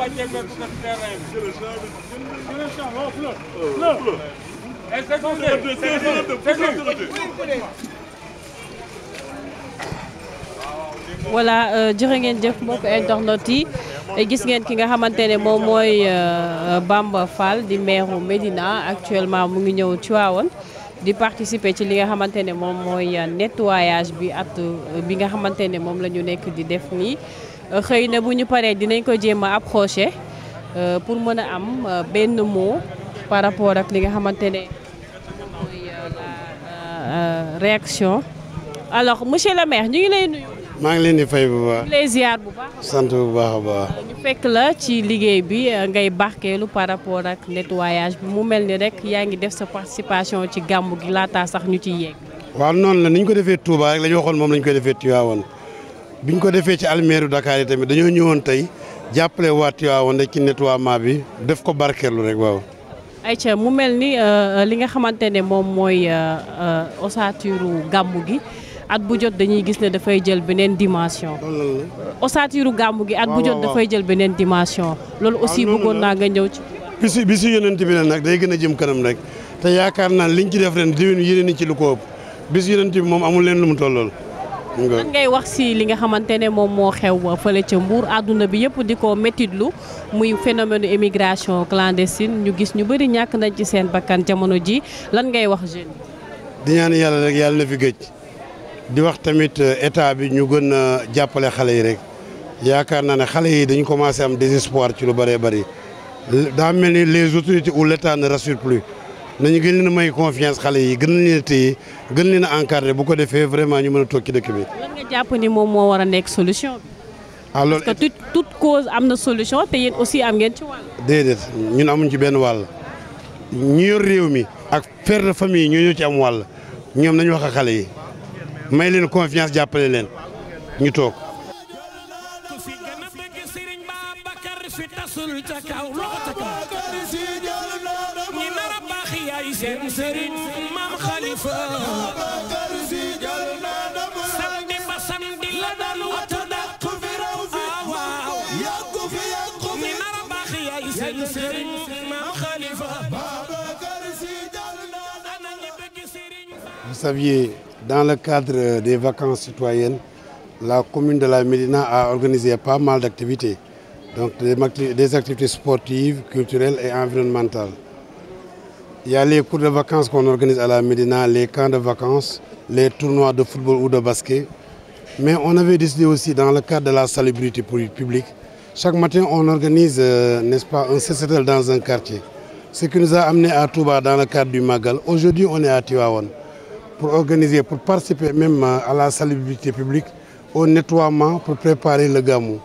accompagner maître euh, euh, ngeen jëf mbokk internet yi gis ngeen ki nga xamante ne moom mooy euh, Bamba Fall di maire Médina actuellement mu ngi ñëw ci Tivaouane di participer ci li nga xamante ne moom mooy nettoyage bi at bi nga xamante ne moom lañu nekk di def nii. xëy na bu ñu paree dinañ ko jéem a approché euh, pour mën a am euh, benn mot par rapport ak li nga xamante ne mooy euh, la réaction alors monsieur le maire ñu ngi lay nuyu. maa ngi leen di fay bu baax di bu baax. sant bu baax a ñu fekk la ci liggéey bi ngay barkeelu par rapport ak nettoyage bi mu mel ni rek yaa ngi def sa participation ci gàmmu gi laataa sax ñu ci yegg. waaw noon la ni ñu ko defee Touba rek la ñu waxoon moom la ñu defee Tivaouane biñ ko defee ci almeeru Dakar yi tamit dañoo ñëwoon tey jàppale waa Tivaouane ci nettoiement bi def ko barkeelu rek waaw. ayca mu mel ni euh, euh, li nga xamante ne moom mooy euh, ossature gàmmu gi at bu jot dañuy gis ne dafay jël beneen dimension. loolu ossature gàmmu gi. at bu jot dafay jël beneen dimension. loolu ah, aussi bëggoon naa nga ñëw ci. bisu bisu yonent bi la nag day gën a jëm kënam rek te yaakaar naa liñ ci def ren déwén yéene ni ci lu ko ëpp bisu bi moom amul leen lu mu tollool lan ngay wax si li nga xamante ne moom moo xew fële ca Mbour àdduna bi yëpp di ko méttitlu muy phénomène immigration clandestine ñu gis ñu bëri ñàkk nañ ci seen bakkan jamono ji lan ngay wax jeunes di ñaan yàlla rek yàlla na fi gëj di wax tamit euh, état bi ñu gën a jàppale xale yi rek yaakaar naa ne xale yi dañu commencé am désespoir ci lu bëree bëri daa mel ni les autorités ou l'état ne rassure plus nañu gën leen a may confiance xale yi gën na a téye gën leen a encadré bu ko defee vraiment ñu mën a toog ci dëkk bi. lan nga jàpp ni moom moo war a nekk solution bi. ah loolu am na solution te yéen aussi am ngeen ci wàll. déedéet ñun amuñ ci benn wàll ñu yor réew mi ak père de famille ñu ñoo ci am wàll ñoom nañu wax ak xale yi may leen confiance jàppale leen ñu toog. fi tasul ca kaw loxo ca kaw ñi nar a baax yaay seen sëriñ maam xalifa samedi ba samedi la daan wata dàq fi raw fi ah, waaw yàggu fi yàggu fi ñi nar a baax yaay seen sëriñ maam xalifa Vous saviez, dans le cadre des vacances citoyennes, la commune de la Médina a organisé pas mal d'activités. donc des, des, activités sportives, culturelles et environnementales. Il y a les cours de vacances qu'on organise à la Médina, les camps de vacances, les tournois de football ou de basket. Mais on avait décidé aussi, dans le cadre de la salubrité publique, chaque matin on organise, euh, n'est-ce pas, un CCTL dans un quartier. Ce qui nous a amené à Touba dans le cadre du Magal. Aujourd'hui, on est à Tiwawan pour organiser, pour participer même euh, à la salubrité publique, au nettoiement, pour préparer le gamou.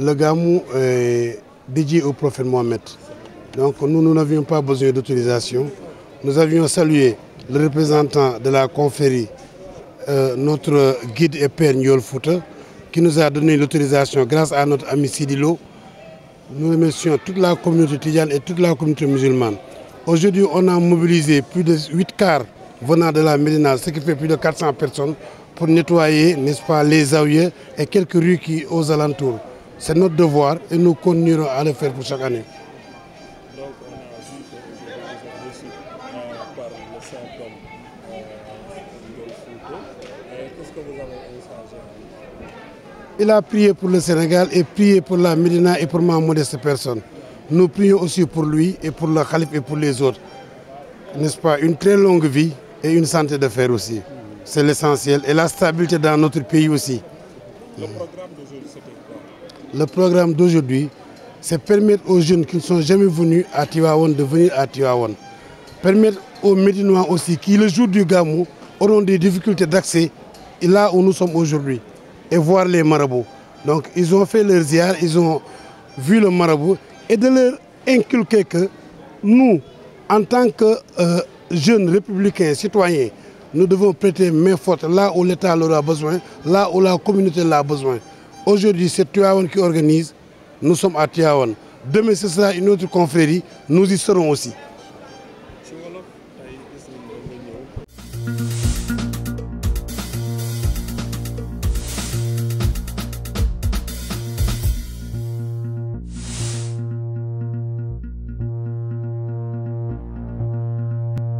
le Gamou est euh, dédié au prophète Mohamed. Donc nous, nous n'avions pas besoin d'autorisation. Nous avions salué le représentant de la conférie, euh, notre guide et père Niol Fouta, qui nous a donné l'autorisation grâce à notre ami Sidilo. Nous remercions toute la communauté tidiane et toute la communauté musulmane. Aujourd'hui, on a mobilisé plus de 8 cars venant de la Médina, ce qui fait plus de 400 personnes, pour nettoyer, n'est-ce pas, les aouillers et quelques rues qui aux alentours. C'est notre devoir et nous continuerons à le faire pour chaque année. Euh, euh, Il a prié pour le Sénégal et prié pour la Médina et pour ma modeste personne. Nous prions aussi pour lui et pour le khalife et pour les autres. nest pas? Une très longue vie et une santé de fer aussi. C'est l'essentiel et la stabilité dans notre pays aussi. Le programme d'aujourd'hui, c'est permettre aux jeunes qui ne sont jamais venus à Tivaouane de venir à Tivaouane. Permettre au Médinois aussi qui, le jour du Gamou, auront des difficultés d'accès la où nous sommes aujourd'hui et voir les marabouts. Donc ils ont fait leur ziar, ils ont vu le marabout et de leur inculquer que nous, en tant que euh, jeunes républicains, citoyens, nous devons prêter main forte là où l'État l'aura besoin, là où la communauté l'a besoin. Aujourd'hui, c'est Tiawan qui organise. Nous sommes à wan Demain, ce sera une autre confrérie. Nous y serons aussi.